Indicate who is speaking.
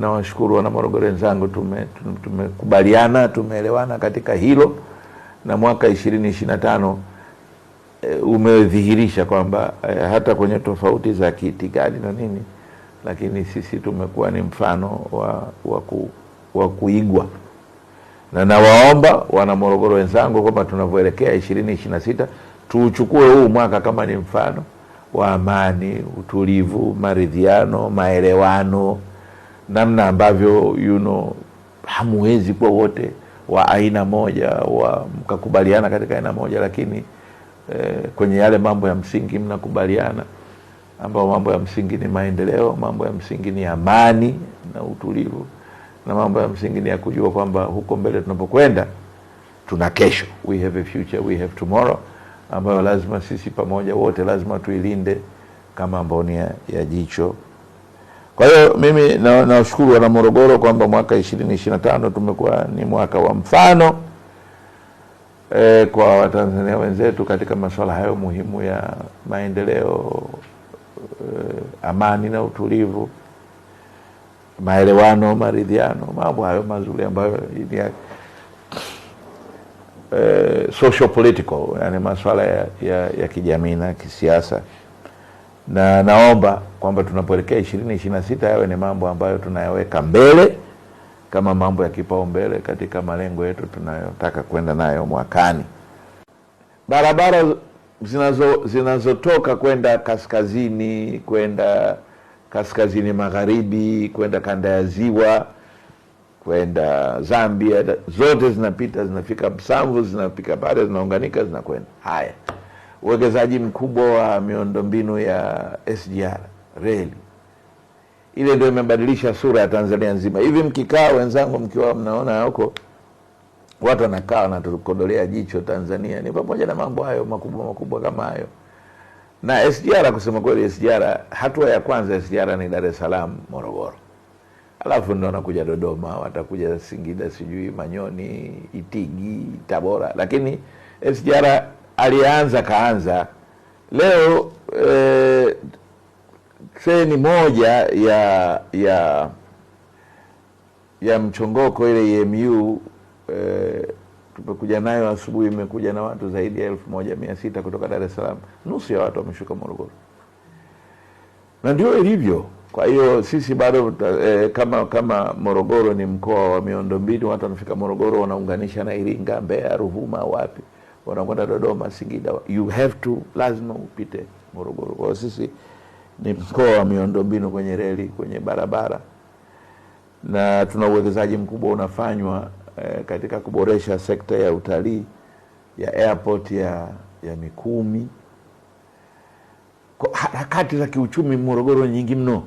Speaker 1: Nawashukuru wana Morogoro wenzangu, tumekubaliana tume tumeelewana katika hilo, na mwaka ishirini ishirini na tano e, eh, umedhihirisha kwamba e, hata kwenye tofauti za kiitikadi na nini, lakini sisi tumekuwa ni mfano wa, wa, ku, wa kuigwa, na nawaomba wana Morogoro wenzangu kwamba tunavyoelekea ishirini ishirini na sita tuuchukue huu mwaka kama ni mfano wa amani, utulivu, maridhiano, maelewano namna ambavyo you know, hamuwezi kuwa wote wa aina moja wa mkakubaliana katika aina moja, lakini eh, kwenye yale mambo ya msingi mnakubaliana, ambayo mambo ya msingi ni maendeleo, mambo ya msingi ni amani na utulivu, na mambo ya msingi ni ya kujua kwamba huko mbele tunapokwenda tuna kesho, we have a future, we have tomorrow, ambayo lazima sisi pamoja wote lazima tuilinde kama mboni ya jicho. Kwa hiyo mimi nawashukuru na wana Morogoro kwamba mwaka ishirini ishirini na tano tumekuwa ni mwaka wa mfano e, kwa Watanzania wenzetu katika masuala hayo muhimu ya maendeleo e, amani na utulivu, maelewano, maridhiano, mambo hayo mazuri ambayo ni ya e, social political, yani masuala ya, ya, ya kijamii na kisiasa na naomba kwamba tunapoelekea ishirini ishirini na sita yawe ni mambo ambayo tunayaweka mbele kama mambo ya kipaumbele katika malengo yetu tunayotaka kwenda nayo mwakani. Barabara zinazo zinazotoka kwenda kaskazini kwenda kaskazini magharibi kwenda kanda ya ziwa kwenda Zambia zote zinapita zinafika Msamvu zinafika pale zinaunganika zinakwenda haya uwekezaji mkubwa wa miundombinu ya SGR reli, ile ndio imebadilisha sura ya Tanzania nzima. Hivi mkikaa wenzangu, mkiwa mnaona huko watu wanakaa wanatukodolea jicho Tanzania, ni pamoja na mambo hayo makubwa makubwa kama hayo na SGR. Kusema kweli, SGR hatua ya kwanza SGR ni Dar es Salaam Morogoro, alafu ndo wanakuja Dodoma, watakuja Singida, sijui Manyoni, Itigi, Tabora, lakini SGR alianza kaanza leo. E, treni moja ya ya ya mchongoko ile EMU e, tumekuja nayo asubuhi, imekuja na watu zaidi ya elfu moja mia sita kutoka Dar es Salaam. Nusu ya watu wameshuka Morogoro, na ndio ilivyo. Kwa hiyo sisi bado e, kama kama Morogoro ni mkoa wa miundombinu, watu wanafika Morogoro wanaunganisha na Iringa, Mbeya, Ruvuma, wapi wanakwenda Dodoma, Singida, you have to lazima upite Morogoro. Kwa sisi ni mkoa wa miundombinu kwenye reli, kwenye barabara, na tuna uwekezaji mkubwa unafanywa eh, katika kuboresha sekta ya utalii ya airport ya, ya Mikumi. Harakati za kiuchumi Morogoro nyingi mno.